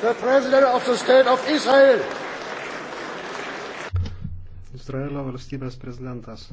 the President of the State of Israel. Izraelio valstybės prezidentas.